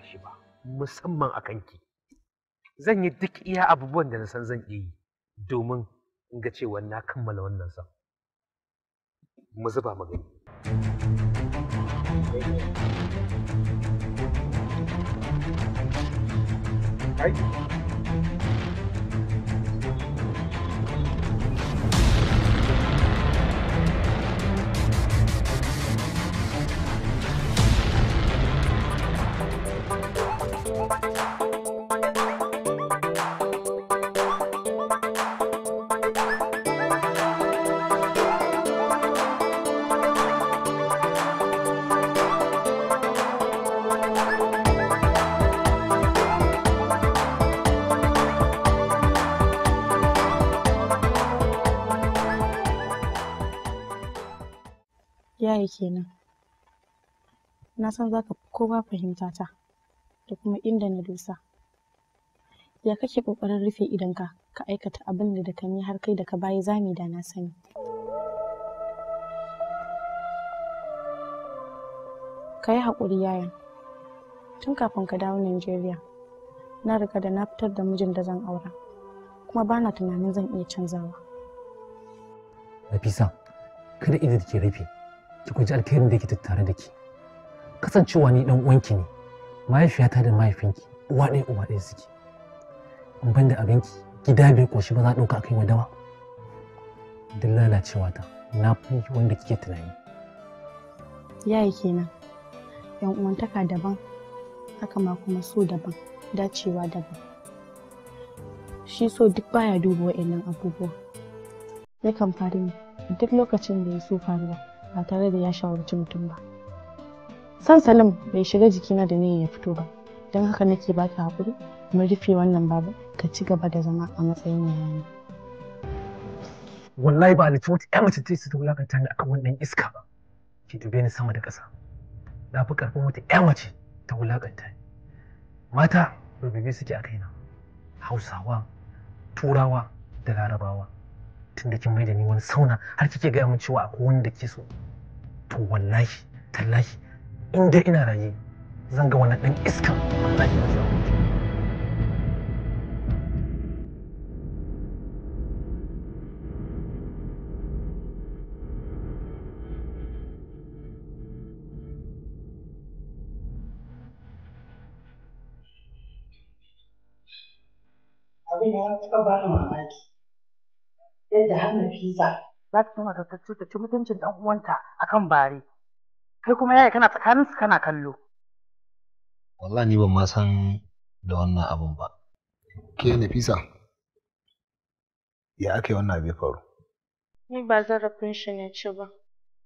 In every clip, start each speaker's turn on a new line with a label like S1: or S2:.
S1: shi ba musamman a kanki zan yi duk iya abubuwan da na san zan iya yi domin in ga cewa na kammala wannan sa mu zuba magani Thank
S2: Yaya kenan, na san za ka fi kowa fahimtata. da kuma inda na dosa ya kake ƙoƙarin rufe idanka ka aikata abin da da ni har kai da ka baya zami da na sani ka yi haƙuri yayan tun kafin ka dawo Najeriya na riga da na fitar da mijin da zan aura kuma bana tunanin zan iya canzawa
S3: Nafisa kada idan ke rufe ki guji alkhairin da ke tattare da ki kasancewa ni dan uwanki ne mahaifiyata da mahaifinki uwa ɗaya uwa ɗaya suke in ban da abinki gida bai ƙoshi ba za a ɗauka wa dawa duk lalacewa ta na fi wanda kike tunani
S2: yayi kenan yan uwantaka daban haka ma kuma so daban dacewa daban shi so duk baya duba wa'annan abubuwa yakan faru ne duk lokacin da ya so faruwa ba tare da ya shawarci mutum ba san salim bai shiga jikina da niyyar ya fito ba don haka nake ta haƙuri kuma rufe wannan babu ka ci gaba da zama a matsayin
S3: yayana wallahi ba nufi wata ƴa mace ce su wulakanta ni akan wannan iska ba ki dube ni sama da ƙasa na fi wata ƴa mace ta wulakanta ni mata rubibi suke a kaina hausawa turawa da larabawa tunda kin mai da ni wani sauna har kike gaya min cewa akwai wanda ke so to wallahi tallahi in dai ina raye zan ga wannan ɗan iskan abin
S4: ya taɓa ba ni mamaki yadda hana fiza za ta taimaka ta cuta ci mutuncin ɗan uwanta akan bare kai kuma yaya kana tsakanin su kana kallo
S1: wallahi ni ban ma san da wannan abun ba ke nafisa ya aka yi wannan abin faru ni ba
S2: zarafin shi ne ci ba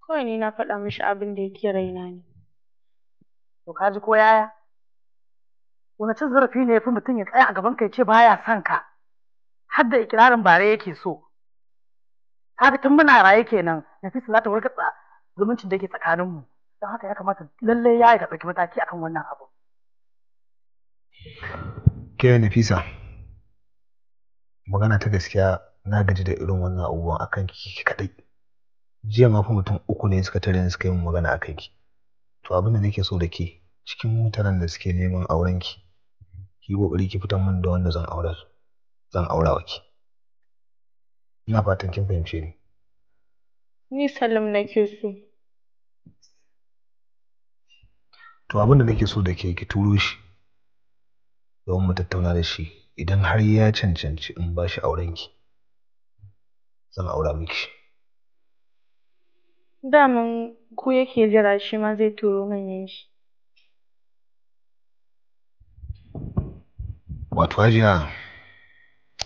S2: kawai ni na faɗa mishi abin da yake raina ne to ka ji ko yaya
S4: wani cin zarafi ne ya fi mutum ya tsaya a gaban ka ya ce ya son ka har da ikirarin bare yake so fi tun muna raye kenan nafisa za ta warkatsa zumuncin da ke tsakaninmu don haka ya kamata lallai ya yi ka ɗauki mataki akan wannan abu.
S1: Ke Nafisa, magana ta gaskiya na gaji da irin wannan abubuwan akan ki kaɗai. Jiya ma mutum uku ne suka tare suka yi mu magana a ki. To abin da nake so da ke cikin mutanen da suke neman auren ki, ki kokari ki fitan min da wanda zan aura zan aura wa ki. Ina fatan kin fahimce ni.
S2: Ni salam nake so.
S1: to abin da nake so da ke ki turo shi don mu tattauna da shi idan har ya cancanci in ba shi aurenki zan aura miki
S2: daman ku yake jira shi ma zai turo manyan shi
S1: wato hajiya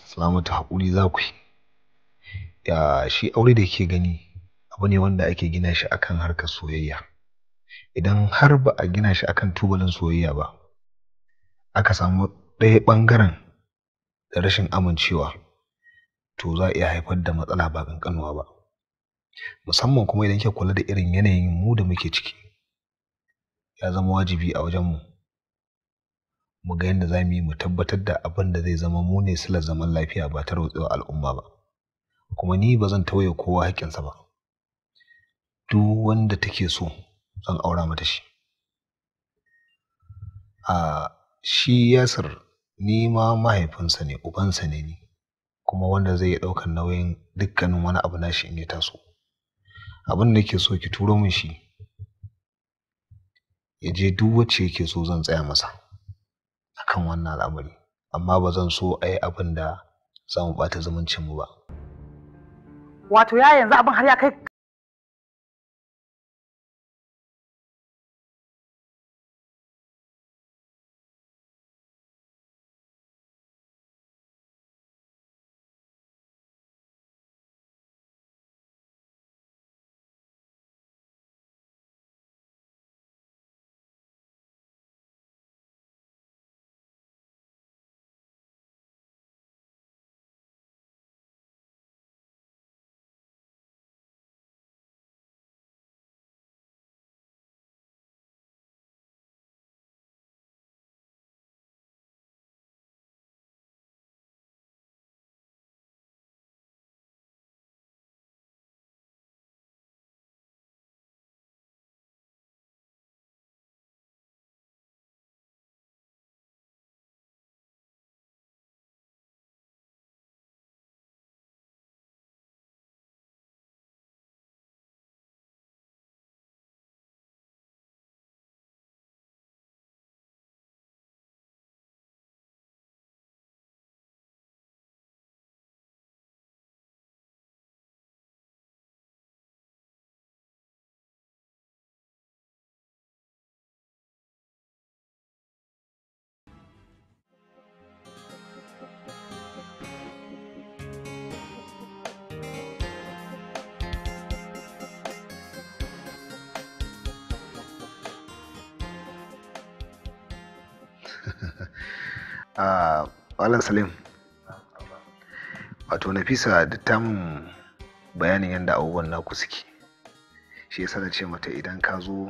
S1: salamatu hakuri za ku ya shi aure da ke gani abu ne wanda ake gina shi akan harkar soyayya idan har ba a gina shi akan tubalin soyayya ba aka samu ɗaya ɓangaren da rashin amincewa to za a iya haifar da matsala ba ƙanƙanuwa ba musamman kuma idan kika kula da irin yanayin mu da muke ciki ya zama wajibi a wajen mu mu ga yadda za mu yi mu tabbatar da abin da zai zama mu ne silar zaman lafiya ba ta rotsewa al'umma ba kuma ni ba zan tawaye kowa haƙƙinsa ba duk wanda take so zan aura mata shi a shi yasir ni ma mahaifinsa ne ubansa ne ni kuma wanda zai ɗaukar nauyin dukkanin wani abu nashi in ya taso abin da ke so ki turo min shi ya je duk wacce yake so zan tsaya masa akan wannan al'amari amma ba zan so a yi abin da za mu ɓata
S4: zumuncinmu ba wato ya yanzu abin har ya kai
S1: a alan salim wato nafisa da Tamun bayanin yadda abubuwan naku suke shi yasa na ce mata idan ka zo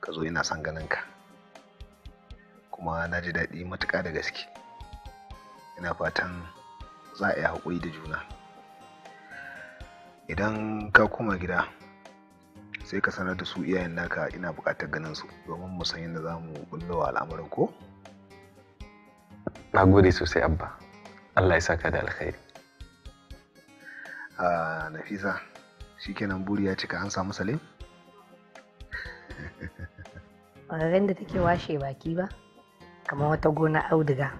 S1: ka zo ina son ganin ka kuma na ji daɗi matuƙa da gaske ina fatan za a yi haƙuri da juna idan ka koma gida sai ka sanar da su iyayen naka ina buƙatar ganin su domin mu san yadda za mu bullowa al'amuran ko na gode sosai abba allah
S5: ya saka da alkhairi
S1: a ah, nafisa shikenan buri ya cika an samu salim
S6: ƙwararren da take washe baki ba kamar wata gona auduga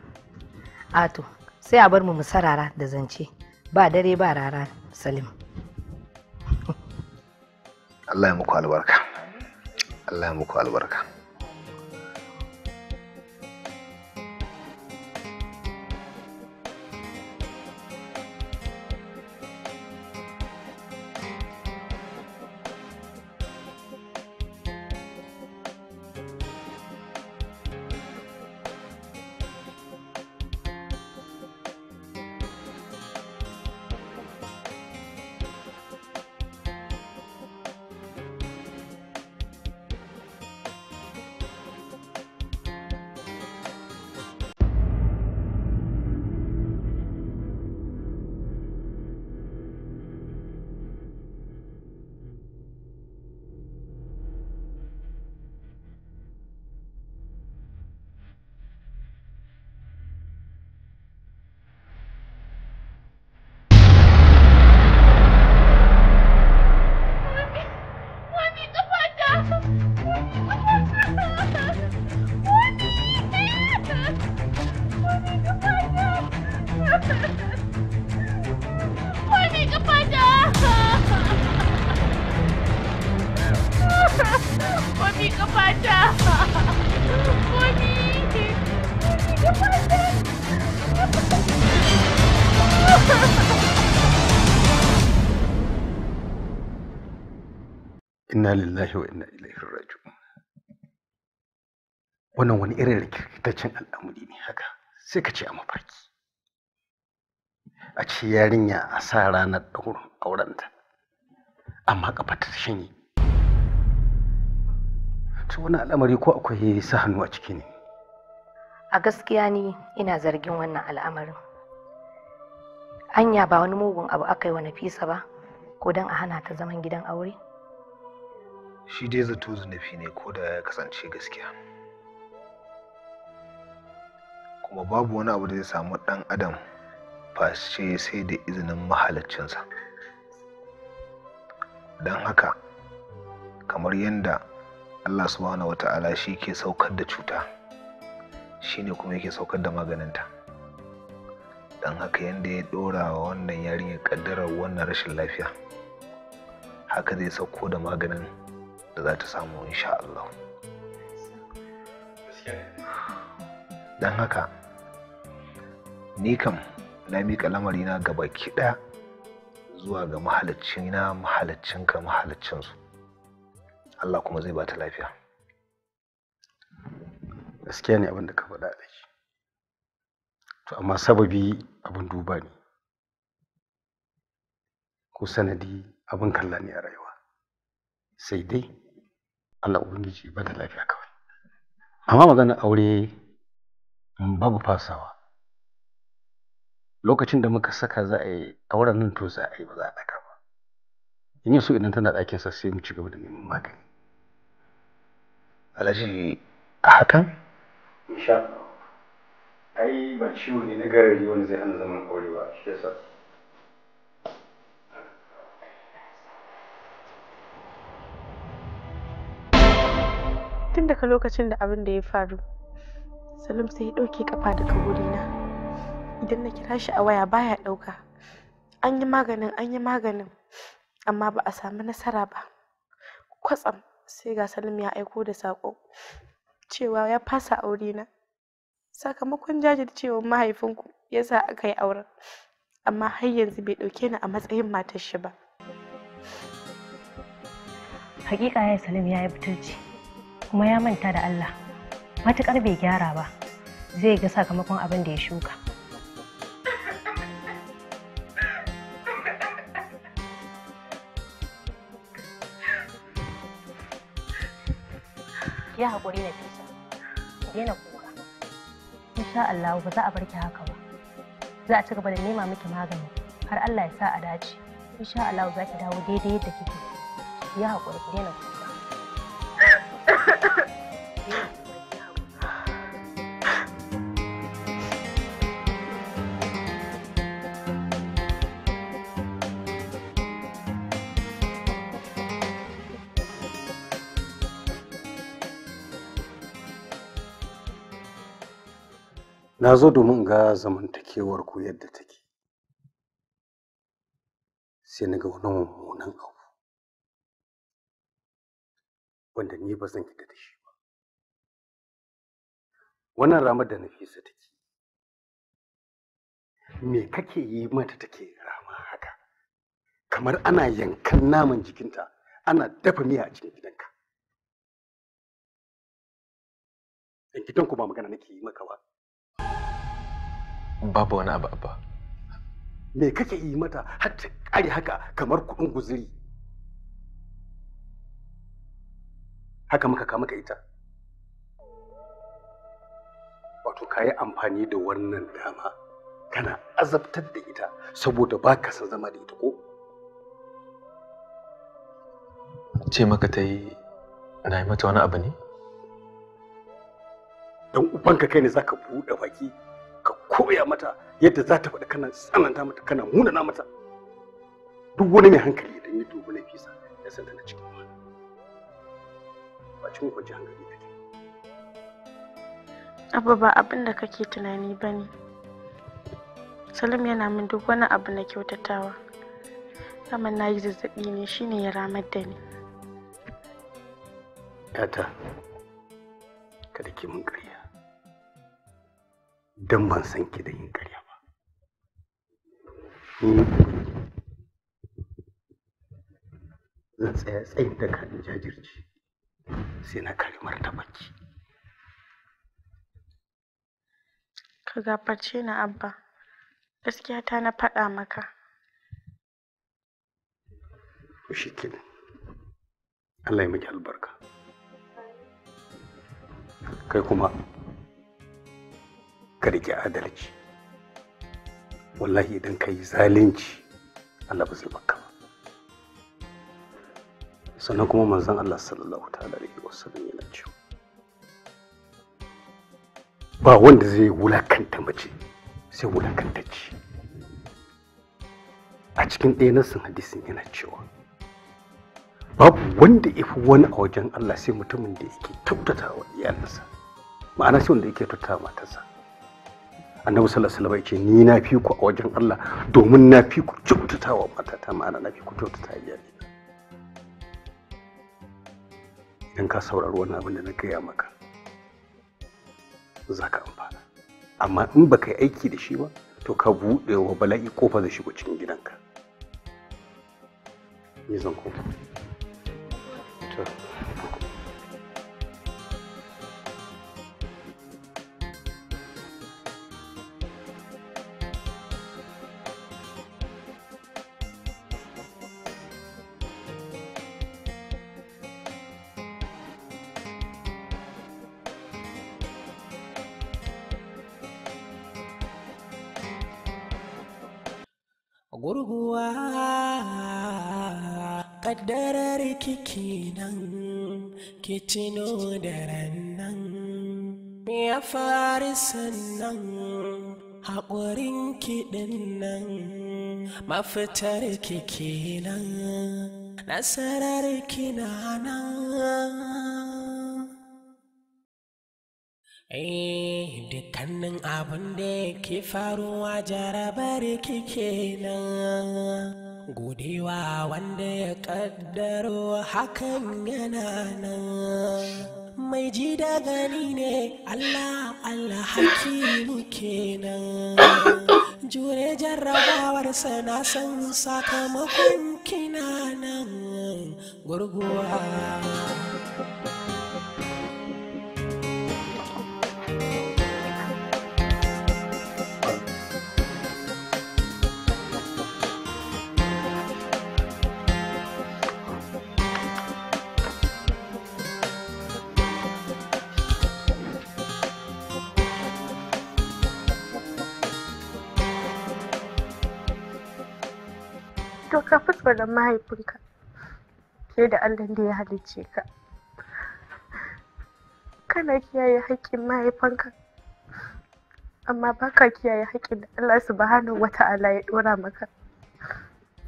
S6: ato ah, sai a bar mu mu sarara da zance ba dare ba rara salim
S1: allah ya muku albarka allah ya muku albarka
S7: inna lillahi wa inna ilaihi raji'un wannan wani irin rikitaccen al'amuri ne haka sai ka ce a mafarki a ce yarinya a sa ranar auren aurenta amma kafa ta shanye to wani al'amari ko akwai sa hannu a ciki ne
S6: a gaskiya ni ina zargin wannan al'amarin anya ba wani mugun abu aka yi wa nafisa ba ko don a hana ta zaman gidan aure
S1: shi dai zato zunufi ne ko da ya kasance gaskiya kuma babu wani abu da zai samu ɗan adam face sai da izinin mahalaccinsa don haka kamar yadda allah subhanahu wa ta'ala shi ke saukar da cuta shi ne kuma yake saukar da maganinta don haka yadda ya ɗora wa wannan yarinya ƙaddarar wannan rashin lafiya haka zai sauko da maganin da za ta samu insha Allah don haka ni kam na miƙa na gaba kiɗa zuwa ga na ka ka mahaliccinsu Allah kuma zai ba ta lafiya
S7: gaskiya ne abin da ka faɗa da shi to amma sababi abin duba ne ko sanadi abin kalla ne a rayuwa sai dai Allah ubangiji ba da lafiya kawai amma maganar aure babu fasawa lokacin da muka saka za a yi auren nan to za a yi ba za a ɗaka ba in yi so idan tana sa sai mu ci gaba da neman
S1: magani alhaji a hakan
S8: insha ai ba ciwo ne na gari wani zai hana zaman aure ba shi yasa
S2: tun daga lokacin da abin da ya faru salim sai ya ɗauke kafa daga wurina idan na kira shi a waya baya ɗauka an yi maganin an yi maganin amma ba a samu nasara ba kwatsam sai ga salim ya aiko da saƙo cewa ya fasa aurena sakamakon jajircewar mahaifinku ya sa aka yi auren amma har yanzu
S9: bai ɗauke ni a matsayin matar shi ba hakika ya salim ya yi butulci kuma ya manta da Allah matuƙar bai gyara ba zai ga sakamakon abin da ya shuka ya haƙuri na fisa daina kuka insha Allah ba za a barki haka ba za a ci gaba da nema miki magani har Allah ya sa a dace insha Allah za ki dawo daidai yadda kike ya haƙuri ki daina kuka
S7: Na zo domin in ga zamantakewar ku yadda take.
S10: Sai na ga wani mummunan abu. Wanda ni ba zan yadda da shi ba. Wannan
S4: ramar da Nafisa take.
S10: Me kake yi mata take
S7: rama haka? Kamar ana yankan naman jikinta, ana dafa miya a cikin gidanka. In gidanku ba magana nake yi maka ba,
S5: babu wani abu abu.
S7: me kake yi mata har ta kare haka kamar kuɗin guziri haka muka kama ka ita wato ka yi amfani da wannan dama kana azabtar da ita saboda ba ka san zama da ita ko
S5: ce maka ta yi na yi mata wani abu ne
S7: don ubanka kai ne za ka buɗe baki koya mata yadda za ta faɗi kana tsananta mata kana munana mata duk wani mai hankali
S5: idan ya dubi na fisa ya san tana cikin wani ba cikin kwanci hankali take
S2: abu ba abin da kake tunani ba ne salim yana min duk wani abu na kyautatawa amma na yi zazzaɓi ne shine ya ramar da ni
S7: yata kada ki mun ƙarya don ban san ki da yin karya ba. Zan tsaya tsayin da ka jajirce sai na ta baki
S2: Ka gafarce ni Abba, gaskiya ta na faɗa maka.
S7: Shi kenan. Allah ya miki albarka. Kai kuma ka adalci wallahi idan ka yi zalunci Allah ba zai baka ba sannan kuma manzon Allah sallallahu ta'ala alaihi wasallam yana cewa ba wanda zai wulakanta mace sai wulakanta ci a cikin ɗaya sun hadisin yana cewa babu wanda ifi wani a wajen Allah sai mutumin da yake kyautata wa iyalinsa ma'ana sai wanda yake kyautata matarsa annabi sallallahu alaihi wasallam ce ni na fi ku a wajen Allah domin na fi ku kyautatawa matata ma'ana na fi ku kyautata iyali idan ka saurari wannan abin da na gaya maka za ka amfana amma in baka yi aiki da shi ba to ka buɗe wa bala'i kofa da shigo cikin gidanka ni zan
S3: Kitino da rannan ya fari sannan haƙurin kiɗin nan mafitar kike nan nasarar kina nan. Eh dukkanin abin da ke faruwa jarabar kike nan. godewa wanda ya kaddaro hakan yana nan mai ji da gani ne allah allah muke nan jure jarrabawarsa na san sakamakon kina nan gurguwa
S2: faɗin mahaifinka ke da Allah da ya halicce ka kana kiyaye haƙƙin mahaifanka amma baka kiyaye haƙƙin da Allah subhanahu wata'ala ya ɗora maka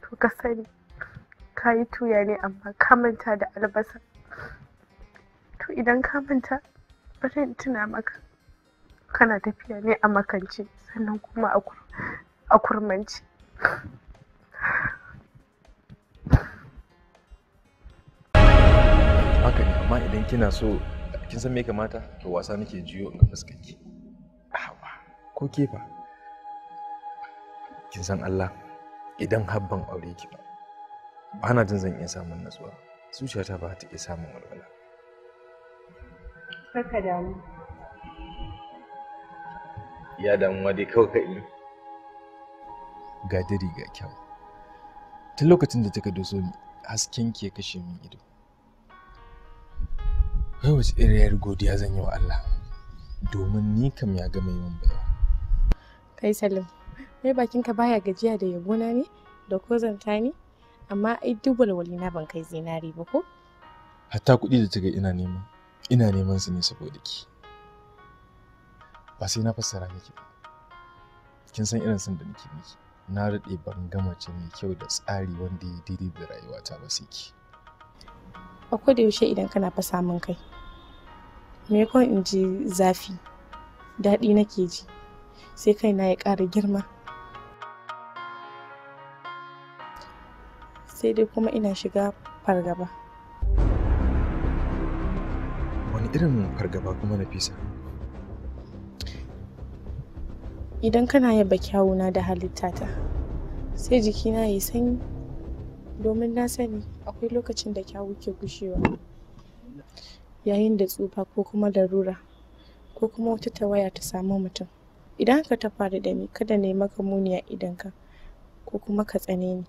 S2: to ka sani ka yi tuya ne amma ka da albasa to idan ka manta bari tuna maka kana tafiya ne a makance sannan kuma a kurmanci
S5: haka ne amma idan kina so kin san me kamata to wasa nake jiyo in ga fuskarki awa ko ke fa kin san Allah idan habban aure ki ba ba na jin zan iya samun natsuwa zuciyata ba ta iya samun walwala
S3: kaka damu
S5: ya damuwa dai kawai ka ga diri ga kyau tun lokacin da kika doso hasken ke kashe min ido kai wace iriyar godiya zan yi wa Allah domin ni kam ya gama yi min bayan.
S2: kai salim mai bakinka baya gajiya da yabona ne da ko zanta ne amma ai duk walwali na ban kai zinari ba ko
S5: hatta kuɗi da kika ina nema ina neman su ne saboda ki ba sai na fassara miki ba kin san irin son da nake miki na daɗe ban ga mace mai kyau da tsari wanda ya daidai da rayuwata ba sai ki
S2: a yaushe idan kana fa samun kai me in ji zafi daɗi nake ji sai kaina ya ƙara girma sai dai kuma ina shiga fargaba
S5: wani irin fargaba kuma na nafisa
S2: idan kana yaba kyawuna da halitta ta sai jikina ya sanyi domin na sani akwai lokacin da kyawu ke gushewa yayin da tsufa ko kuma larura ko kuma wata tawaya ta samu mutum idan haka ta fara da ni kada na yi maka muniya idan ka ko kuma ka tsane ni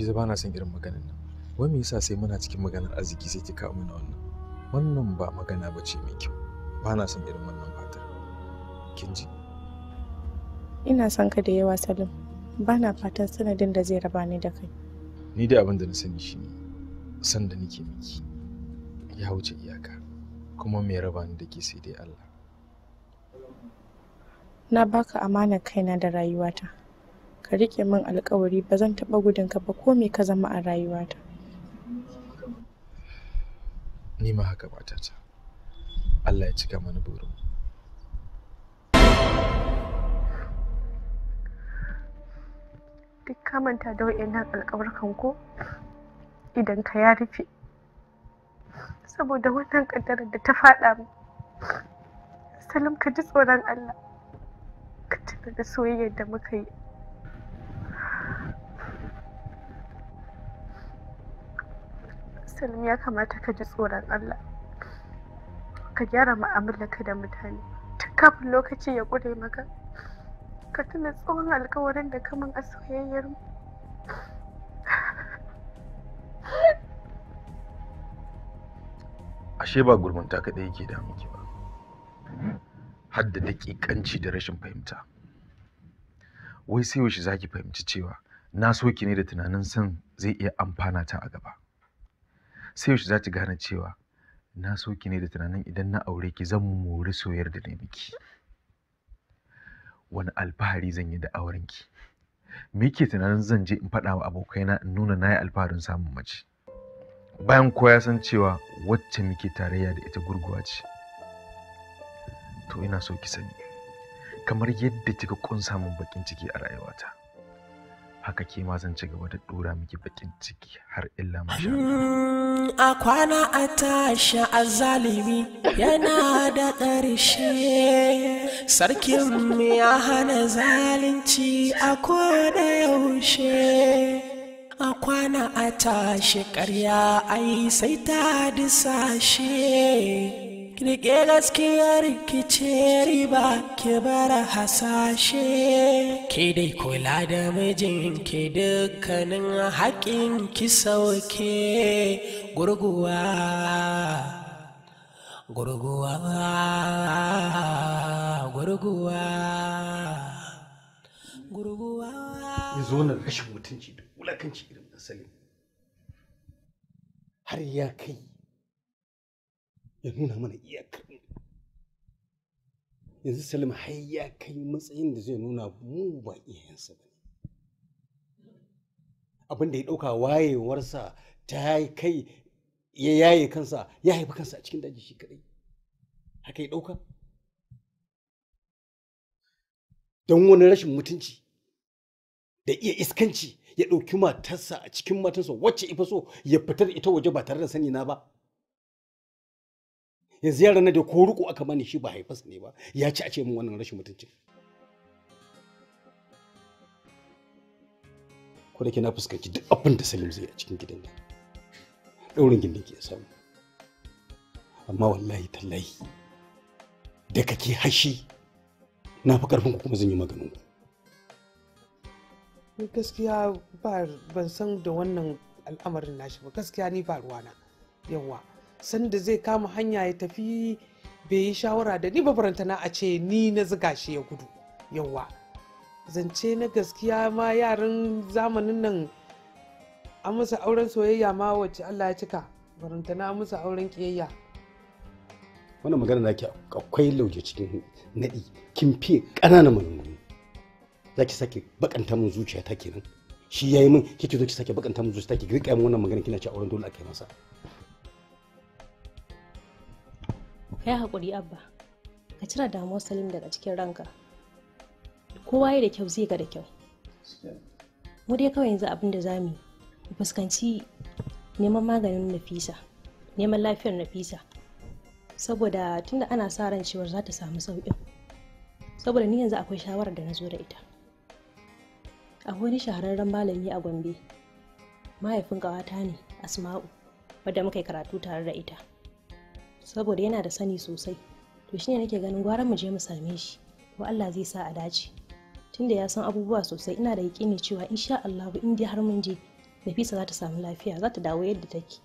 S5: Biza ba na son irin maganin nan wai me yasa sai muna cikin maganar arziki sai ki kawo mana wannan wannan ba magana ba ce mai kyau ba na son irin wannan fatar kin ji
S2: ina son ka da yawa salim ba na fatan sanadin da zai raba ni da kai
S5: ni da abin da na sani shi san da nake miki ya wuce iyaka kuma mai raba ni da ke sai dai Allah
S2: na baka amana kaina da rayuwata ka rike min alkawari ba zan taɓa gudun ka ba ko me ka zama a rayuwata
S5: ni ma haka matata Allah ya cika mana burin
S2: duk ka manta da wa'annan alƙawarkan ko idan ka ya rufe saboda wannan ƙaddarar da ta faɗa mu salim ka ji tsoron allah ka tuna da soyayyar da muka yi salim ya kamata ka ji tsoron allah ka gyara mu'amalarka da mutane tun kafin lokaci ya ƙure maka ka tuna tsohon alkawarin da kamun a soyayyar mu
S5: ashe ba gurmunta kaɗai yake da miki ba har da daƙiƙanci da rashin fahimta wai sai yaushe za ki fahimci cewa na so ki ne da tunanin san zai iya amfana ta a gaba sai yaushe za ki gane cewa na so ki ne da tunanin idan na aure ki zan mori soyar da ne miki wani alfahari zan yi da aurenki me yake tunanin zan je in faɗa wa abokaina in nuna na yi alfaharin samun mace bayan kowa ya san cewa wacce muke tarayya da ita gurguwa ce to ina so ki sani kamar yadda kika kunsa min bakin ciki a rayuwata haka ke ma zan ci gaba da dora miki bakin ciki har illa ma
S3: hmm, a kwana a tashi a zalimi yana da ƙarshe sarkin ya hana zalunci a koda yaushe a kwana a tashi ƙarya ai sai ta disashe Rike gaskiya rikice riba ke bara hasashe ke dai kula da mijin ke dukkanin haƙin ki sauke gurguwa gurguwa gurguwa gurguwa ya
S7: zo na rashin mutunci da wulakanci irin da salim har ya kai ya nuna mana iyakar yanzu Salim har ya kai matsayin da zai nuna mu ba iyayensa ba abin da ya ɗauka wayewarsa ta kai ya yaye kansa ya haifi kansa a cikin daji shi kadai haka ya ɗauka don wani rashin mutunci da iya iskanci ya ɗauki matarsa a cikin matarsa wacce ifa so ya fitar ita waje ba tare da sani na ba yanzu yaran na da ko riko aka bani shi ba haifas ne ba ya ci a ce min wannan rashin mutuncin ko da ke na fuskanci duk abin da Salim zai a cikin gidan nan daurin gindin ke samu amma wallahi tallahi da kake hashi na fi karfin ku kuma zan yi maganin
S4: ku gaskiya ban san da wannan al'amarin nashi ba gaskiya ni ba ruwana yawa sanda zai kama hanya ya tafi bai yi shawara da ni ba barantana a ce ni na ziga shi ya gudu yawa zance na gaskiya ma yaran zamanin nan an musu auren soyayya ma wacce Allah ya cika barantana musu auren kiyayya
S7: wannan magana da ke akwai lauje cikin naɗi kin fiye ƙananan manomi za ki sake bakanta mun zuciya ta kenan shi ya yi min kike zo ki sake bakanta mun zuciya ta ki rika min wannan magana kina ci auren dole aka yi masa
S9: kai hakuri abba ka cire damuwar salim daga cikin ranka kowa ya da kyau zai ga da kyau mu dai kawai yanzu abin da za mu yi fuskanci neman maganin nafisa neman lafiyar nafisa saboda tunda ana sa ran cewar za ta samu sauƙin saboda ni yanzu akwai shawarar da na zo da ita akwai wani shahararren malami a gombe mahaifin ƙawata ne asma'u wadda muka yi karatu tare da ita saboda yana da sani sosai to shine nake ganin gwara mu je mu same shi ko Allah zai sa a dace tunda ya san abubuwa sosai ina da yakini cewa insha Allah in dai har mun je Nafisa za ta samu lafiya za ta dawo yadda take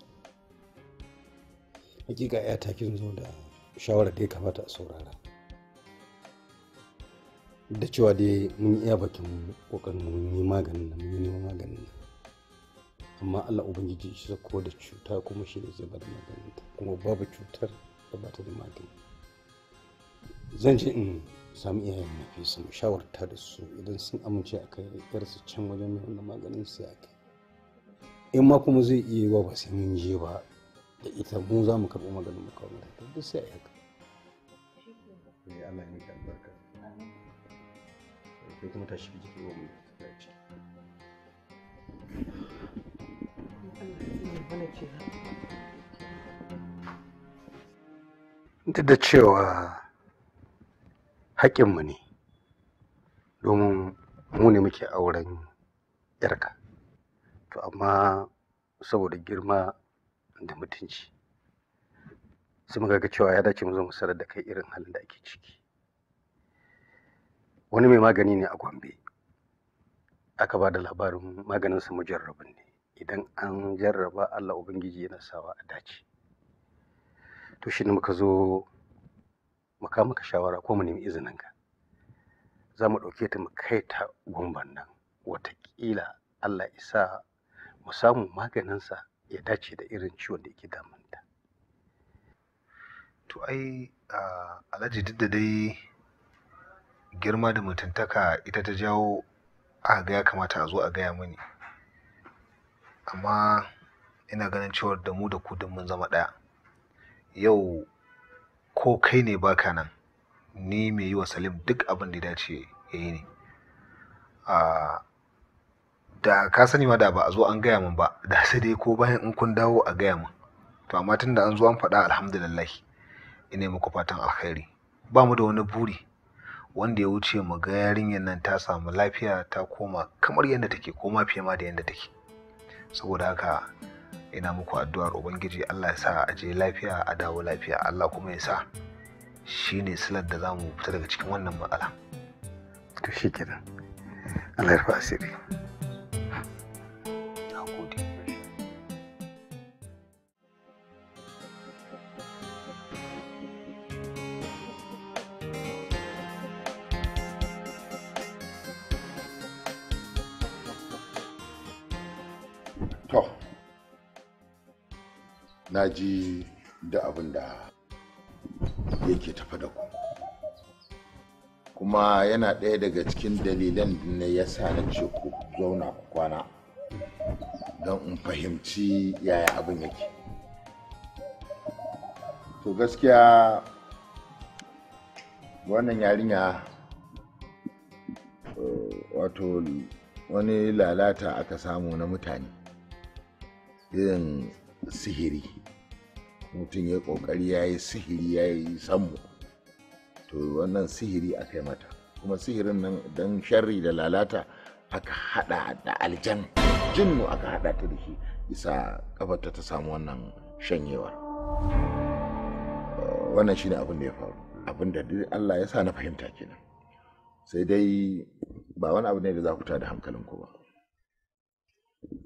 S7: hakika ya kin zo da shawara da ya kamata a saurara da cewa dai mun iya bakin kokarin mun yi maganin da mun yi maganin amma Allah ubangiji shi ko da cuta kuma shi ne zai bada magani kuma babu cutar da ba ta da magani zan je in samu iyayen mafi su mu shawarta da su idan sun amince a kai yar su can wajen mai wanda maganin su ya kai in ma kuma zai iya yiwa ba sai mun je ba da ita mun za mu karɓi maganin mu kawo mata duk sai a yi haka Thank eh, you. duk da cewa haƙƙinmu ne domin mu ne muke auren yarka to amma saboda girma da mutunci sai muka ga cewa ya dace mu zo mu sanar da kai irin halin da ake ciki wani mai magani ne a gombe aka ba da labarin maganinsa mujarrabin ne idan an jarraba Allah Ubangiji yana sawa a dace to shi ne muka zo muka maka shawara ko mu nemi ka za mu ɗauke ta mu kai ta gumban nan wataƙila Allah isa mu samu maganinsa ya dace da irin ciwon da yake damunta
S1: to ai alhaji duk da dai girma da mutuntaka ita ta jawo a ga ya kamata a zo a gaya mani amma ina ganin cewa da mu da ku duk mun zama ɗaya yau ko kai ne baka nan ni mai yi wa salim duk abin da ya dace ya yi ne da ka sani ma da ba a zo an gaya min ba da sai dai ko bayan in kun dawo a gaya min to amma tun da an zo an faɗa alhamdulillah ina muku fatan alkhairi ba mu da wani buri wanda ya wuce mu ga yarinyar nan ta samu lafiya ta koma kamar yadda take koma fiye ma da yadda take saboda haka ina muku addu'ar ubangiji allah ya sa a je lafiya a dawo lafiya allah kuma ya sa shi ne silar da za mu fita daga cikin wannan matsala to shi kenan allah ya rufa asiri
S8: na ji da abin da yake tafa da ku kuma yana ɗaya daga cikin dalilan da na ya sa na ce ku zauna ku kwana don in fahimci yaya abin yake to gaskiya wannan yarinya eh, wato wani lalata aka samu na mutane irin sihiri mutum ya kokari ya yi sihiri ya yi sammu to wannan sihiri aka yi mata kuma sihirin nan don sharri da lalata aka hada da aljan jinnu aka hada ta da shi isa kafarta ta samu wannan shanyewar wannan shine abin da ya faru abin da Allah ya sa na fahimta kenan sai dai ba wani abu ne da za ku da hankalin ku ba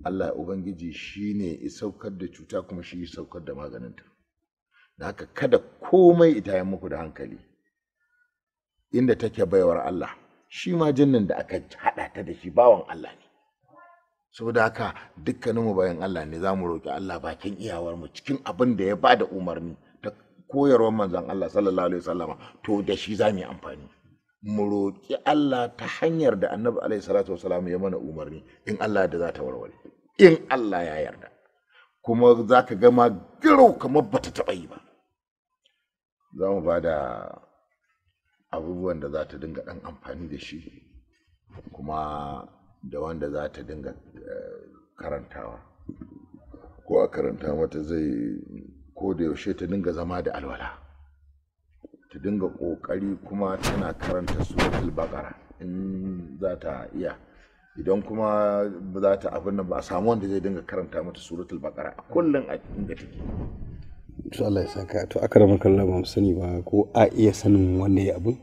S8: Allah Ubangiji shi ne isaukar da cuta kuma shi saukar da maganinta. da haka kada komai ita ya muku da hankali inda take baiwar Allah shi ma jinnin da aka haɗa ta da shi bawan Allah ne saboda haka dukkanin mu bayan Allah ne zamu roki Allah bakin iyawar mu cikin abin da ya bada umarni ta koyarwar manzon Allah sallallahu alaihi wasallama to da shi zamu yi amfani mu roki Allah ta hanyar da Annabi alaihi salatu wasallam ya mana umarni in Allah da za ta warware in Allah ya yarda kuma za ka gama girau kamar bata taɓa yi ba za mu ba da abubuwan da za ta dinga ɗan amfani da shi kuma da wanda za ta dinga eh, karantawa ko a karanta mata zai ko da yaushe ta dinga zama da alwala ta dinga ƙoƙari kuma tana karanta suratul baqara in za ta iya idan kuma za ta abin nan ba a samu wanda zai dinga karanta mata suratul baqara a kullum a inda take
S7: to Allah ya saka to aka rama kallon ba mu sani ba ko a iya sanin wanda ya abin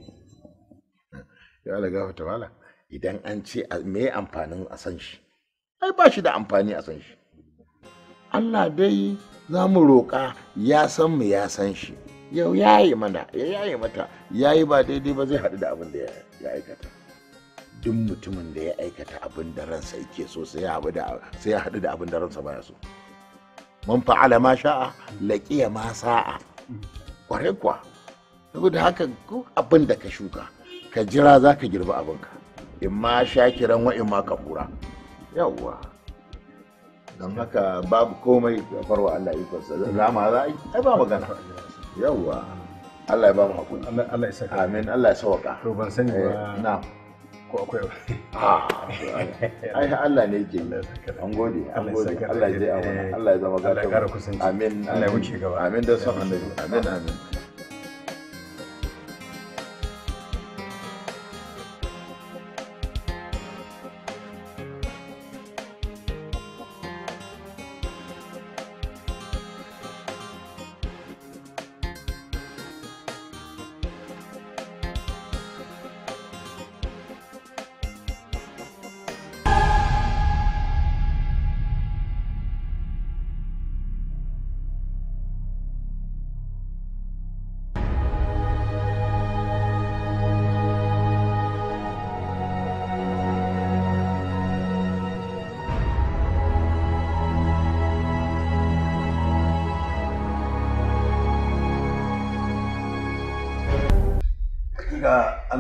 S8: ya Allah gafa idan an ce me amfanin a san shi ai ba shi da amfani a san shi Allah dai za mu roƙa ya san mu ya san shi yau ya yi mana ya yi mata ya yi ba daidai ba zai haɗu da abin da ya aikata duk mutumin da ya aikata abin da ransa yake so sai ya haɗu da abin da ransa baya so mun fa'ala ma sha'a laqiya ma sa'a kware kuwa saboda haka ko abin da ka shuka ka jira za ka girbi abinka in ma sha kiran wa in ma ka kura yawwa don haka babu komai da farwa Allah ikonsa rama za a yi ai ba magana yawwa Allah ya ba mu hakuri Allah ya saka amin Allah ya sauka to ban sani ba eh, na'am ko akwai ah, ah. ai Allah ne yake an gode an gode Allah ya je a eh, wani Allah ya zama gata amin amin da son annabi amin amin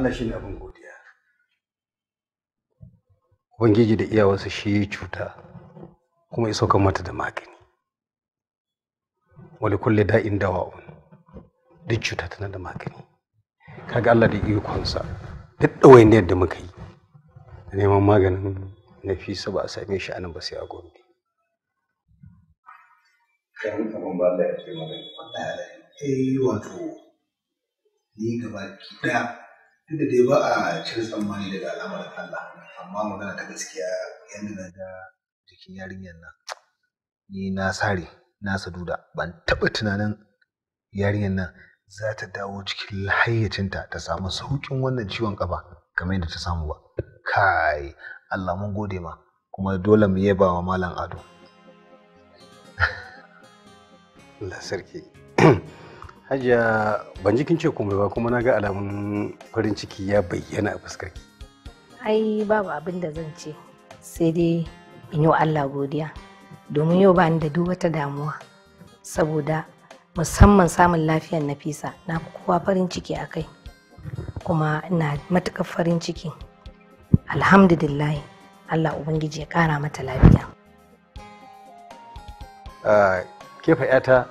S7: Allah shi ne abin godiya ubangiji da iyawarsa shi yi cuta kuma iso kan mata da magani wani kulle da'in wani duk cuta tana da magani kaga Allah da ikonsa duk ne yadda muka yi da neman maganin nafisa ba a same shi anan ba sai a gombe
S1: eh wato ni gaba ki duk da dai ba a cire tsammani daga alamar Allah amma magana ta gaskiya yadda na ga jikin yarinyar nan ni na sare na saduda ban taɓa tunanin yarinyar nan za ta dawo cikin lahayyacinta ta samu sauƙin wannan ciwon ƙafa kamar yadda ta samu ba kai Allah mun gode ma kuma dole mu yaba wa malam ado Allah
S7: sarki Hajiya ban ji kin ce komai ba kuma na ga alamun farin ciki ya bayyana a fuskar ki.
S6: Ai babu abin da zan ce sai dai in yi Allah godiya domin yau ba ni da duk wata damuwa saboda musamman samun lafiyar Nafisa na fi kowa farin ciki a kai kuma ina matuƙar farin ciki alhamdulillah Allah ubangiji ya ƙara mata lafiya.
S7: Ah, ke fa 'yata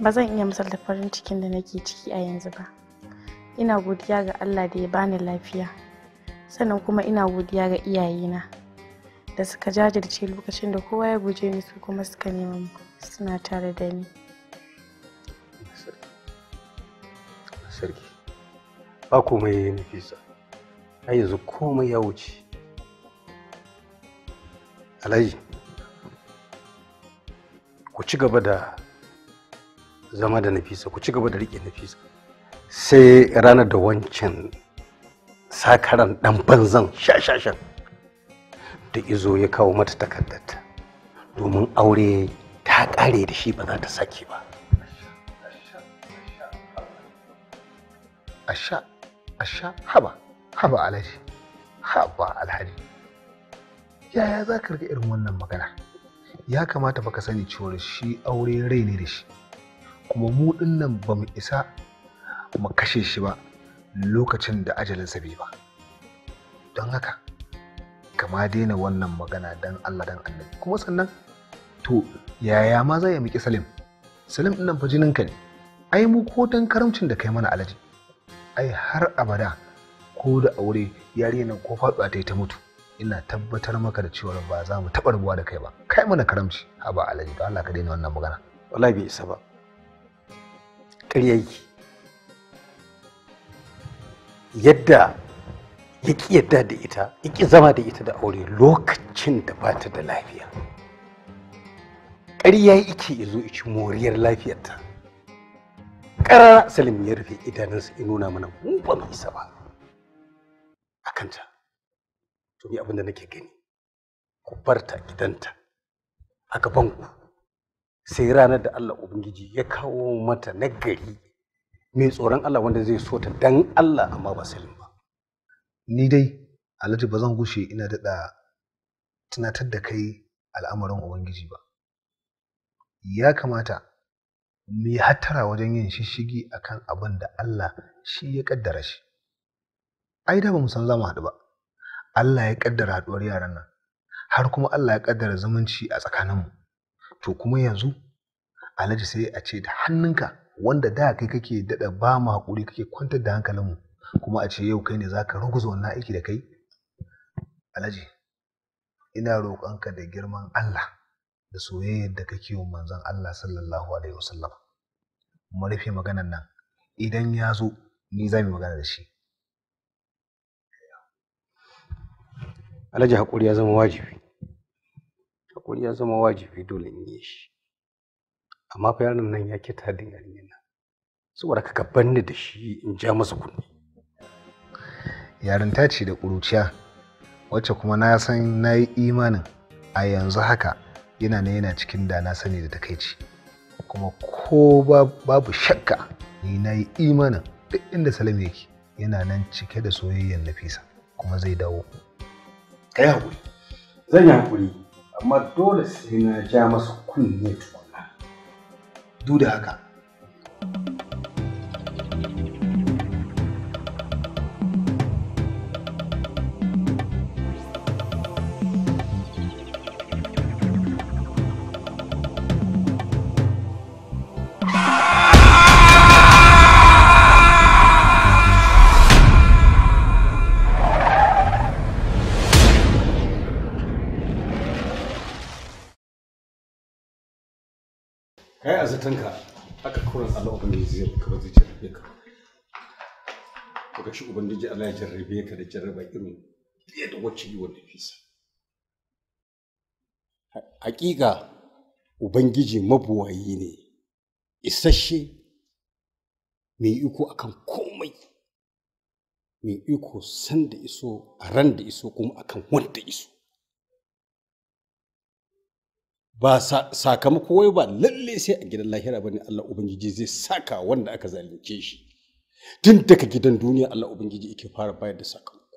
S2: ba zan iya misalta farin cikin da nake ciki a yanzu ba ina godiya ga allah da ya bani lafiya sannan kuma ina godiya ga iyayena da suka jajirce lokacin da kowa ya guje ni su kuma suka nema suna tare da ni
S7: sarki ba komai ya yi nufi sa a yanzu komai ya wuce alhaji ku ci gaba da zama da nafisa ku ci gaba da riƙe nafisa sai ranar da wancan sakaran ɗan banzan shashashan da izo ya kawo mata takardarta domin aure ta ƙare da shi ba za ta sake ba
S1: asha asha haba haba alhaji haba alhaji yaya za ka riga irin wannan magana ya kamata baka sani cewa shi aure rai ne da shi kuma mu ɗinnan ba mu isa mu kashe shi ba lokacin da ajalinsa bai ba don haka kama daina wannan magana don Allah don annabi kuma sannan to yaya ma zai miki salim salim nan fa jininka ne ai mu ko dan karamcin da kai mana alaji ai har abada ko da aure yarinya nan ko faɗuwa ta yi ta mutu ina tabbatar maka da cewa ba za mu taɓa rubuwa da kai ba kai mana karamci haba alaji don Allah ka daina wannan magana wallahi bai isa ba ƙaryarki
S7: yadda ya ƙi yadda da ita ya ƙi zama da ita da aure lokacin da ba ta da lafiya ƙarya yake ya zo ici moriyar lafiyarta ƙarara salim ya rufe idanunsa ya nuna mana mu ba mu isa ba a kanta to ni abin da nake gani ku barta gidanta a gaban ku sai ranar da Allah Ubangiji ya kawo mata na nagari mai tsoron Allah wanda zai so ta dan Allah amma ba salim ba.
S1: Ni dai Alhaji ba zan gushe ina daɗa tunatar da kai al'amarin Ubangiji ba. Ya kamata mu yi hattara wajen yin shishigi akan abin da Allah shi ya kaddara shi. Ai da ba mu san za mu haɗu ba. Allah ya ƙaddara haɗuwar yaran nan har kuma Allah ya ƙaddara zumunci a tsakaninmu. to kuma yanzu alhaji sai a ce da hannunka wanda da kai kake daɗa ba mu haƙuri kake kwantar da hankalinmu kuma a ce yau kai ne za ka ruguza wannan aiki da kai alhaji ina roƙonka da girman Allah da soyayyar da kake wa manzon Allah sallallahu alaihi wasallam mu rufe maganar nan idan ya zo ni za mu magana da shi
S7: alhaji haƙuri ya zama wajibi wani ya zama wajibi dole in yi shi amma fa yaron nan ya ke da yarinya nan saboda ka gaban da shi in ja masa kunne
S1: yarinta ce da ƙuruciya wacce kuma na san na yi imanin a yanzu haka yana ne yana cikin da na sani da takaici kuma ko babu shakka ni na yi imanin duk inda salim yake yana nan cike da soyayyar nafisa kuma zai dawo
S7: ka yi haƙuri zan yi haƙuri amma dole sai na ja masa kunne tukuna
S1: duk da haka
S5: kai a zatanka aka kuran Allah ubangiji zai ka ba zai jarrabe ka
S7: to ga shi ubangiji Allah ya jarrabe ka da jarraba irin fiye da wacce yi wanda fisa hakika ubangiji mabuwayi ne isasshe mai iko akan komai mai iko san da iso a ran da iso kuma akan wanda iso ba sakamako wai ba lalle sai a gidan lahira ba ne Allah Ubangiji zai saka wanda aka zalunce shi tun daga gidan duniya Allah Ubangiji yake fara bayar da sakamako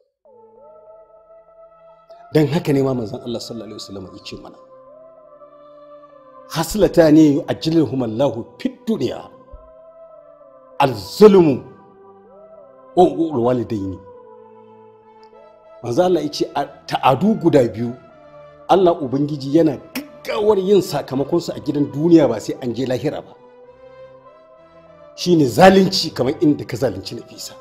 S7: don haka ne ma manzon Allah sallallahu alaihi wasallam ce mana haslata ne ajilhum Allah fit dunya al-zulmu wa ulwalidaini manzon Allah yace ta'adu guda biyu Allah Ubangiji yana gaggawar yin sakamakonsu a gidan duniya ba sai an je lahira ba shine zalunci kamar inda ka zalunci nafisa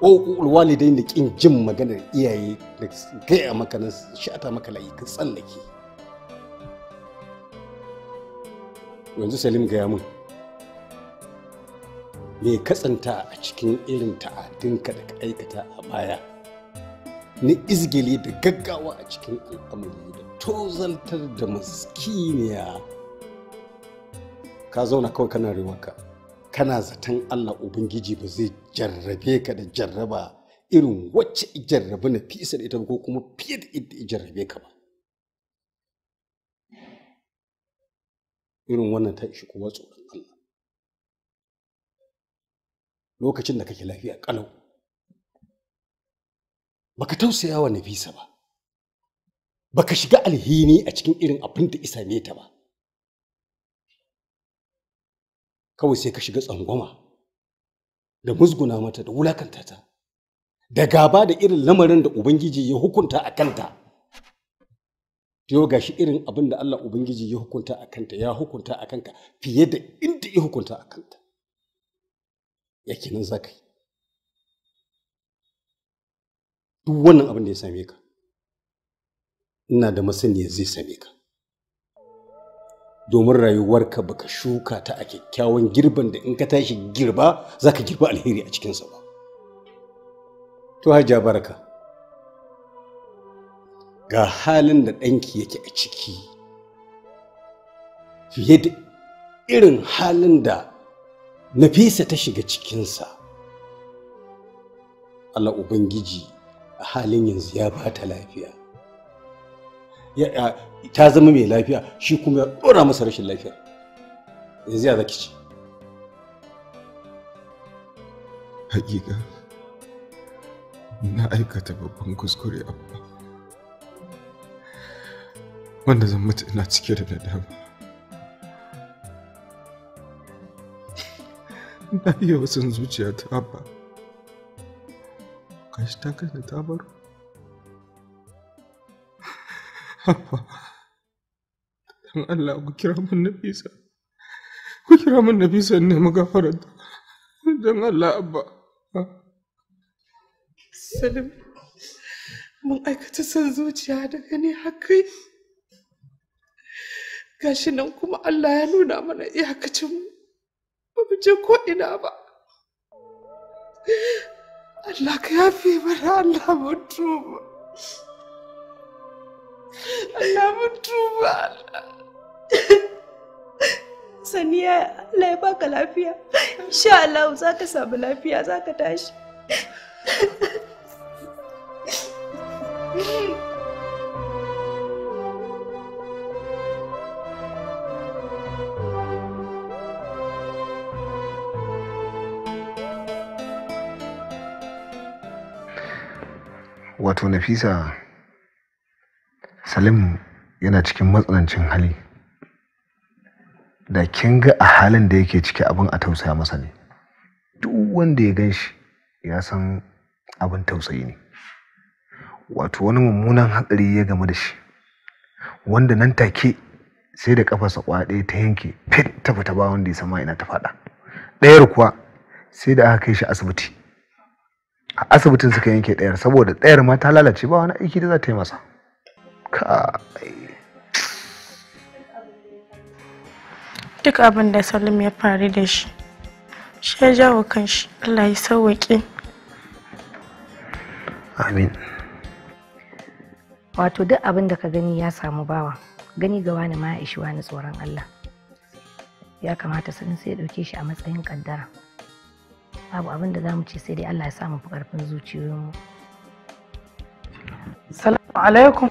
S7: ƙoƙul walidai na ƙin jin maganar iyaye da gaya maka na shata maka layi ka tsallake yanzu salim gaya mun me katsanta a cikin irin ta'adinka da ka aikata a baya ni izgili da gaggawa a cikin al'amari da tozaltar da maskiniya ka zauna kawai kana rewarka kana zaton allah ubangiji ba zai jarrabe ka da jarraba irin wacce jarrabe na fisa da ita ko kuma fiye da ita jarrabe ka ba irin wannan ta ishi kuma tsoron allah lokacin da kake lafiya kalau baka tausaya wa nafisa ba baka shiga alhini a cikin irin abin da isa ne ta ba kawai sai ka shiga tsangwama da musguna mata da wulakanta ta da gaba da irin lamarin da ubangiji ya hukunta a kanta yau ga shi irin abin da Allah ubangiji ya hukunta a kanta ya hukunta a kanka fiye da inda ya hukunta a kanta ya nan za ka yi duk wannan abin da ya same ka ina da masaniya zai same ka domin rayuwarka baka shuka ta a kyakkyawan girban da in ka tashi girba za ka girba alheri a cikinsa ba to hajja baraka ga halin da ɗanki yake a ciki fiye da irin halin da nafisa ta shiga cikinsa Allah Ubangiji a halin yanzu ya bata lafiya ta zama mai lafiya shi kuma ya ɗora masa rashin lafiya yanzu ya zaki ci
S5: hakika na aikata babban kuskure abba wanda zan mutu ina cike da nadama na iya wasan zuciya ta abba kashi ta kai ta baro don Allah ku kira min Nafisa ku kira min Nafisa ne mu gafarar don Allah
S3: abba
S4: Salim mun aikata son zuciya daga ne hakai gashi nan kuma Allah ya nuna mana iyakacin mu ba je ko ina ba Allah ka yafe mana Allah mun tuba
S3: I Saniya, Allah ya baka lafiya. Insha Allah za lafiya za tashi.
S1: Wato Nafisa Salim yana cikin matsanancin hali. Da kin ga a halin da yake ciki abin a tausaya masa ne. Duk wanda ya gan shi ya san abin tausayi ne. Wato wani mummunan hatsari ya game da shi, wanda nan take sai da ƙafarsa ƙwaya ta yanke fit ta fita ba wanda ya sama ina ta faɗa. Ɗayar kuwa sai da aka kai shi asibiti. A asibitin suka yanke ɗayar saboda ɗayar ma ta lalace ba wani aiki da za ta yi masa.
S2: duk abin da salim ya faru da shi shi ya jawo kanshi allah
S6: ya sauwaƙe amin wato duk abin da ka gani ya samu bawa gani ga wani ma ishi wani tsoron allah ya kamata sanin sai ya ɗauke shi a matsayin ƙaddara babu abin da za mu ce sai dai allah ya samu fi ƙarfin zuciyoyinmu salamu alaikum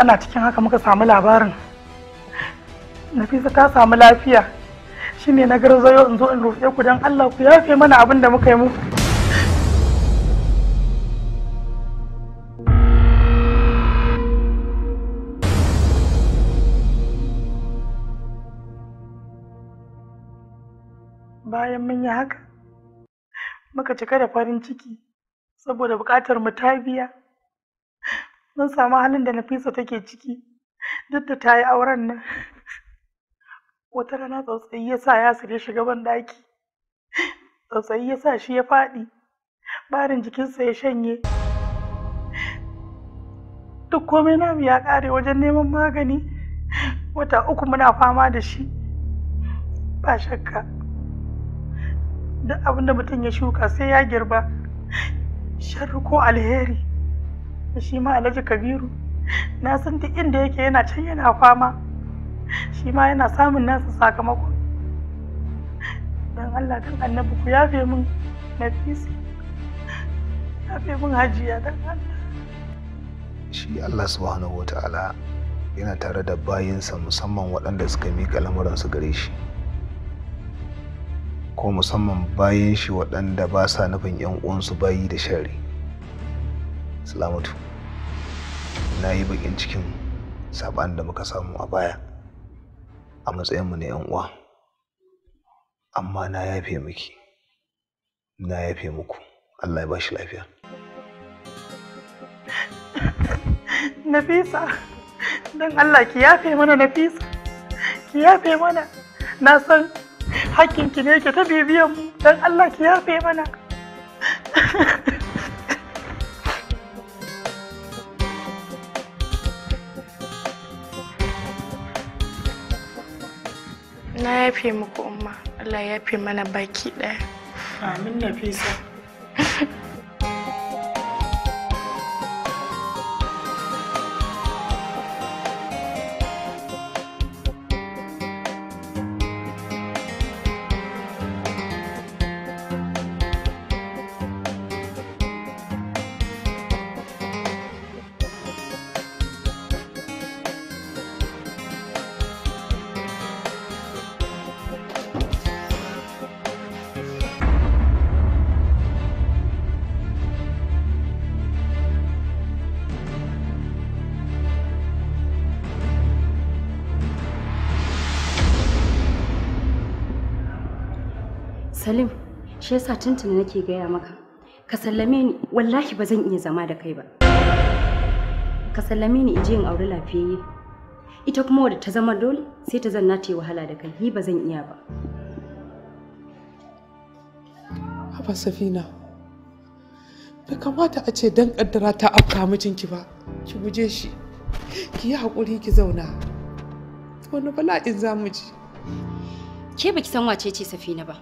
S4: ana cikin haka muka samu labarin nafisa ta samu lafiya shine na garzayo in zo in rufe ku don allah ku yafe mana abin da muka yi muku bayan mun yi haka muka cika da farin ciki saboda buƙatar mu ta biya Mun samu halin da Nafisa take ciki duk da ta yi auren nan. Wata rana tsautsayi ya sa Yasir ya shiga ban daki. Tsautsayi ya sa shi ya faɗi. Barin jikinsa ya shanye. Duk komai namu ya ƙare wajen neman magani. Wata uku muna fama da shi. Ba shakka. Duk abinda mutum ya shuka sai ya girba. Sharri ko alheri. shi ma alhaji kabiru na san duk inda yake yana can yana fama shi ma yana samun nasa sakamako don allah don annabi ku yafe min nafisi yafe min hajiya don allah
S1: shi allah subhanahu wa ta'ala yana tare da bayinsa musamman waɗanda suka miƙa lamuransu gare shi ko musamman bayan shi waɗanda ba sa nufin 'yan uwansu bayi da shari. salamatu na yi bakin cikin saɓanin da muka samu a baya a matsayinmu na ƴan uwa amma na yafe miki na yafe muku allah ya ba shi lafiya
S4: nafisa don allah ki yafe mana nafisa ki yafe mana na san hakkinki ne ke ta bibiyan mu don allah ki yafe mana
S2: ya fi muku umma Allah ya fi mana baki ɗaya
S4: amin sa.
S10: shi yasa tuntuni nake gaya maka ka sallame ni wallahi ba zan iya zama da kai ba ka sallame ni in je in auri lafiyayye ita kuma wadda ta zama dole sai ta zanna ta yi wahala da kai ni ba zan iya ba
S4: haba safina bai kamata a ce dan kaddara ta afka mijinki
S10: ba ki guje shi ki yi haƙuri ki zauna wani bala'in za mu ji ke baki san wace ce safina ba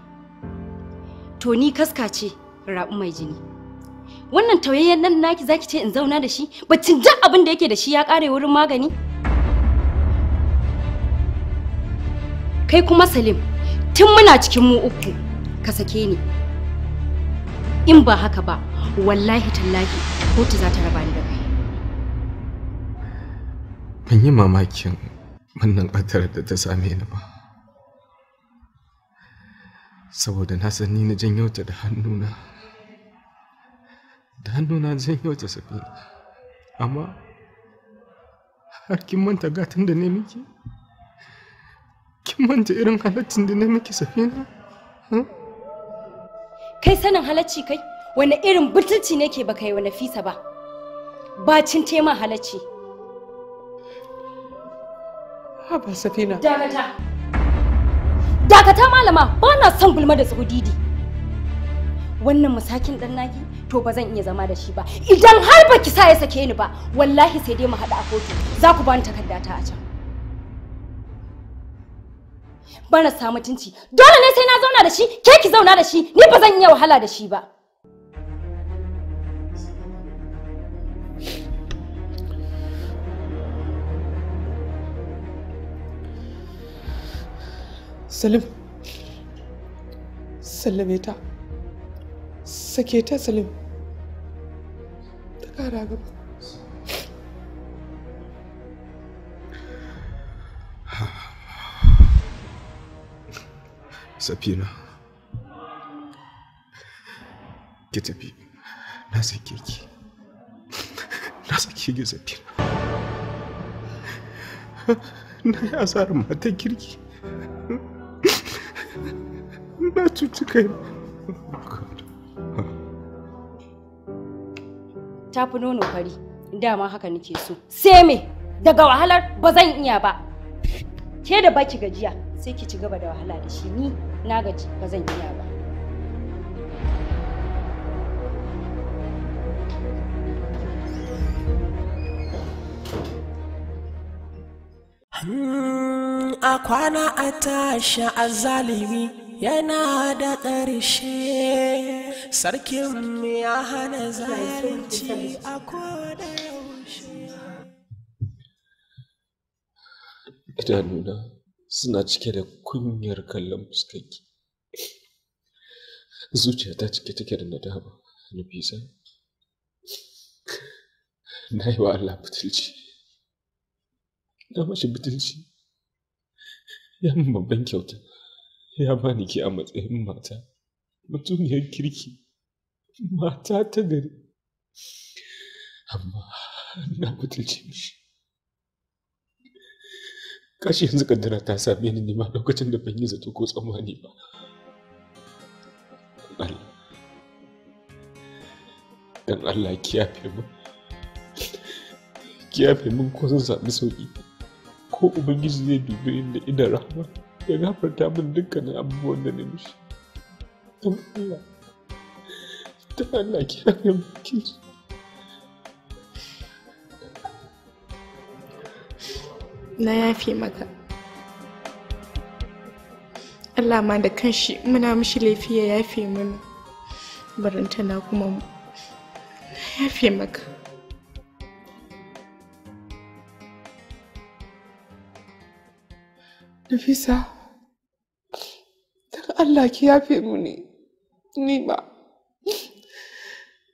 S10: to ni kaska ce rabu mai jini wannan tauyayyen nan naki zaki ce in zauna da shi baccin duk abin da yake da shi ya kare wurin magani kai kuma salim tun muna cikin mu uku ka sake ni in ba haka ba wallahi tallahi kotu za ta raba ni da kai
S5: ban yi mamakin wannan ƙatar da ta same ni ba saboda na san ni na janyo ta da hannuna da hannuna janyo ta safina amma har kin manta gatan da ne miki kin manta irin halaccin da ne miki safina
S10: hm? kai sanin halacci kai wani irin butulci ne ke baka yi wa nafisa ba bacin tema halacci ha ba safina dakata dakata malama ba na son gulma da tsudidi wannan masakin dan naki to bazan iya zama da shi ba idan har ba ki sa ya sake ni ba wallahi sai dai mu haɗu a kotu za ku bani takarda ta a can bana samu mutunci dole ne sai na zauna da shi ke ki zauna da shi ni ba zan iya wahala da shi ba
S4: Salim, sallame ta, sake ta Salim, ta kara gaba.
S5: Safina, ki tafi, na sake ki, na sake ki Safina. Na yi asarar matan
S10: kirki. na again. kai ta fi nono fari dama haka nake so sai me daga wahalar ba zan iya ba ke da baki gajiya sai ki ci gaba da wahala da shi ni na gaji ba zan iya ba
S3: hmm, a kwana a yana da ƙarshe Sarkinmu ya hana zalunci a kodayaushe yaushe
S5: idanuna suna cike da kunyar kallon fuskarki ta cike take da nadama nafisa na yi wa Allah butulci na mashi butulci ya babban kyauta ya bani ki a matsayin mata mutumiyar kirki mata ta gari amma na butulce mishi kashi yanzu kaddara ta same ni nima lokacin da ban yi zato ko tsammani ba dan Allah kiyafe mu min mun ko zan sami sauki ko ubangiji zai dubi inda ina rahama ya gafarta min dukkanin abubuwan da na mishi don Allah
S2: ta Allah kira ya bikin su na yafe maka Allah ma da kanshi muna mishi laifi ya yafe mana na kuma mu na yafe maka
S4: Nafisa. Allah ki yafe mu ne ni ba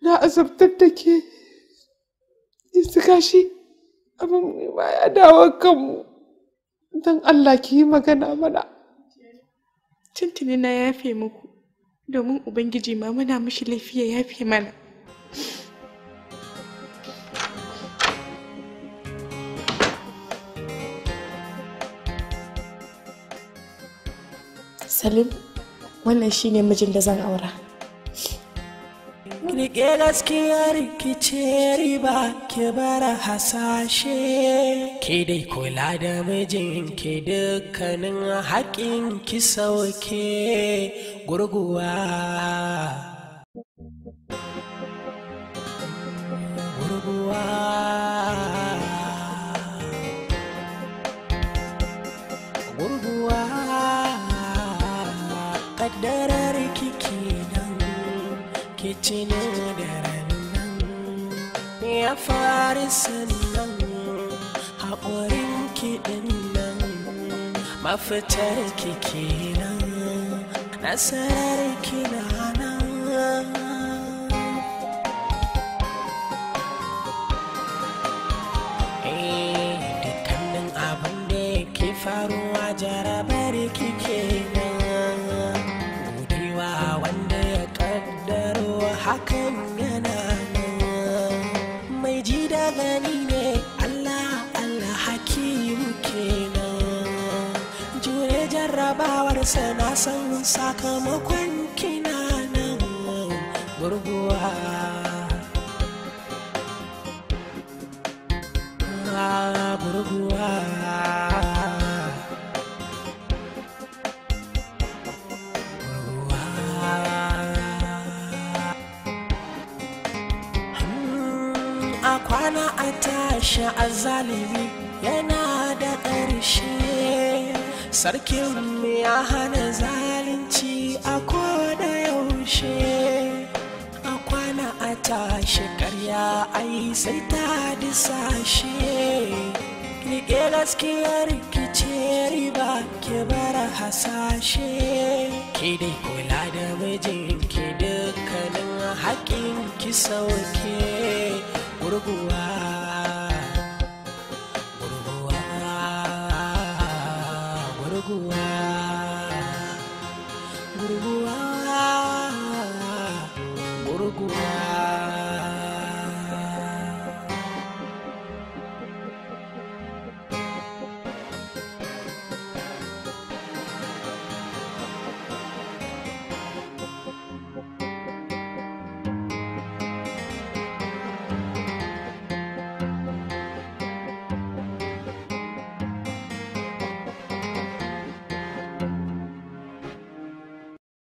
S4: na azabtar da ke yanzu gashi abin ne ba ya dawo kanmu don Allah ki yi magana mana tuntuni na yafe muku domin
S2: ubangiji ma muna mishi lafiya ya yafe mana Salim. wannan shi ne mijin da zan aura
S3: Rike gaskiya rikice riba ke bara hasashe ke dai kula da mijin ke dukkanin haƙin ki sauke gurguwa tuna da nan ya fara sannan haƙorin kiɗin nan mafitar kike nan nasarar kina nan eh, faruwa jarabar. hakan yana mai ji da gani ne Allah Allah hakimu kenan jure jarrabawarsa na san sakamakon kina nan gurguwa ah, gurguwa zalimi yana da ƙarshe sarkin ya hana zalunci a koda yaushe a kwana a tashi karya ai sai ta disashe rike gaskiya rikice riba ke bara hasashe ke dai kula da mijin ke dukkanin haƙin ki sauke gurguwa